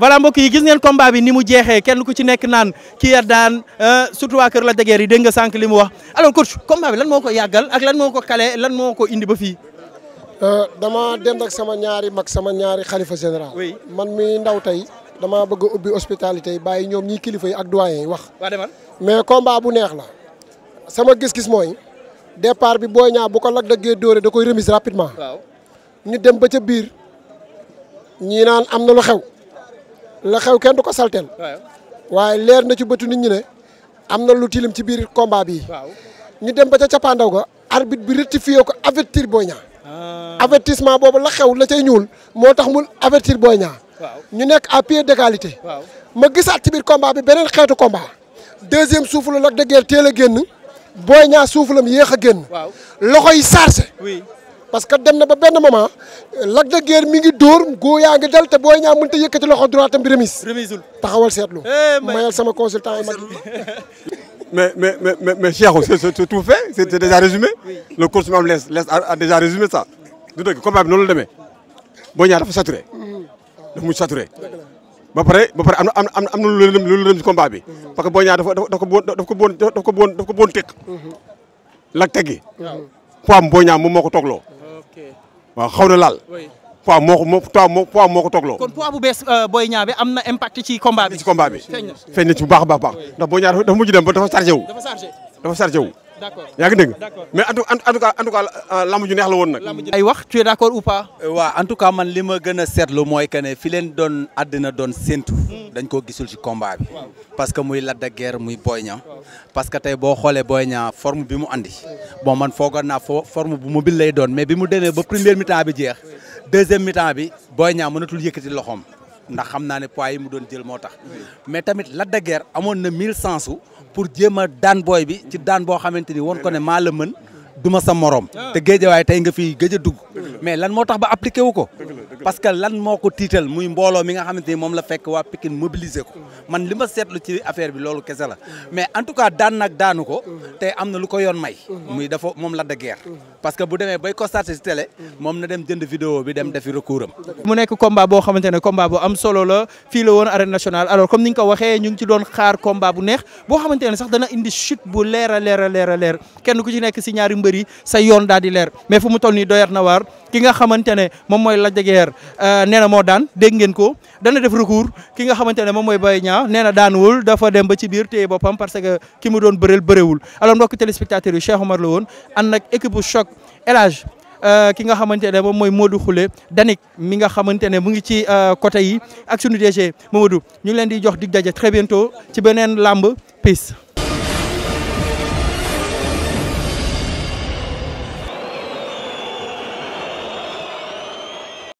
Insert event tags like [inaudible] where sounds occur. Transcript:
voilà mbokk yi gis ngeen combat bi ni mu jeexee kenn ku ci nekk naan kii ya daan euh, surtout waa Kër la Degeer yi dégg nga sànq li mu wax alors coach combat bi lan moo ko yàggal ak lan moo ko kale lan moo ko indi ba fii. Euh, dama dem ak sama ñaari mag sama ñaari xalifa général. man mi ndaw tey dama bëgg a ubbi hospitalité bàyyi ñoom ñi kilifa yi ak doyen yi wax. waa demal mais combat bu neex la. sama gis-gis mooy départ bi booy ñaa bu ko lag daggee dóore da koy remise rapidement. waaw ñu dem ba ca biir ñii naan la xew kenn du ko saltel waaye leer na ci bëtu nit ñi ne am na lu tilim ci biir combat bi ñu dem ba ca cappaandaw ga arbitre bi rectifié ko avertir Boy Niang ah. avertissement boobu la xew la cay ñuul moo tax mu avertir Boy Niang ñu nekk à pied d'égalité ma gisaat ci biir combat bi beneen xeetu combat deuxième souffle la de Guiers teel a génn Boy Niang souffle am yéex a génn loxo yi chargé parce que dem na ba benn moment Lac de Guiers mi ngi dóor góor yaa ngi dal te Boy Niang mënut a yëkkati loxo droite am bi taxawal seetlu. Eh, mayal sama consultant yi mag [laughs] mais mais mais mais Cheikhou c'est tout fait c'est déjà résumé le coach Mame Less Less a déjà résumé ça. du dëgg combat bi noonu la demee Boy Niang dafa saturé mm-hmm. dafa mujj saturé ba pare ba pare am na am na am na mm-hmm. parce que Boy Niang dafa dafa ko bon dafa ko bon dafa mm-hmm. am Boy Niang moom moo ko toogloo. waaw xaw na laal. poids moo ko moo poids moo moo ko toogloo. kon poids bu bees euh, Boy Niang bi am na impact ci combat bi. feeñ na ci bu baax a baax baax ndax Boy Niang dafa mujj dem ba dafa chargé wu. dafa chargé dafa chargé wu. yaa ngi dégg mais en tout en tout cas en tout cas euh, lamb ju neex la woon nag. ay wax tu d'accord ou pas. Euh, waaw en tout cas man li ma gën a seetlu mooy que ne fi doon àddina doon séntu. Hmm. dañ koo gisul ci combat bi. parce que muy Lac de muy Boy ñam parce que tey boo xoolee booy ñaa forme bi mu andi. bon man foogoon naa fo forme bu mobile lay doon mais bi mu demee ba première mi-temps bi jeex deuxième mi-temps bi Boy Niang mënatul yëkkati loxoom. ndax xam naa ne poids yi mu doon jël moo tax. Hmm. mais tamit Lac de amoon na mille sens pour jéem a daan booy bi ci daan boo xamante ni woon ko ne maa la mën duma sa morom ah. te waaye tey nga fi gëj a dugg mais lan moo tax ba appliqué wu ko parce que lan moo ko tiital muy mbooloo mi nga xamante ni moom la fekk waa Pikine mobiliser ko mm. man li ma seetlu ci affaire bi loolu kese la mais en tout cas daan nag daanu ko mm. te am na lu ko yoon may mm. muy dafa moom la de guerre parce que bu demee bay constaté ci télé moom na dem jënd vidéo bi dem defi recours am mu nekk combat boo xamante ne combat bu am solo la fii la woon arène nationale alors comme ni nga ko waxee ñu ngi ci doon xaar combat bu neex boo xamante ne sax dana indi leer a leer a kenn ku ci nekk si ñaari mbër yi sa yoon daal di leer mais fu mu toll nii na waar ki nga xamante ne moom mooy la de Guiers euh, nee na moo daan dégg ngeen ko dana def recours ki nga xamante ne moom mooy Boy Niang nee na daanuwul dafa dem ba ci biir téye boppam parce que ki mu doon bëreel bërewul alors mbokk téléspectateurs yi Cheikh Omar la woon ana ak équipe bu choc euh, ki nga xamante ne moom mooy Modou Khoule Danik mi nga xamante ne mu ngi ci euh, côté yi ak sunu DG Mamadou ñu ngi leen di jox dig daje très bientôt ci beneen làmb peace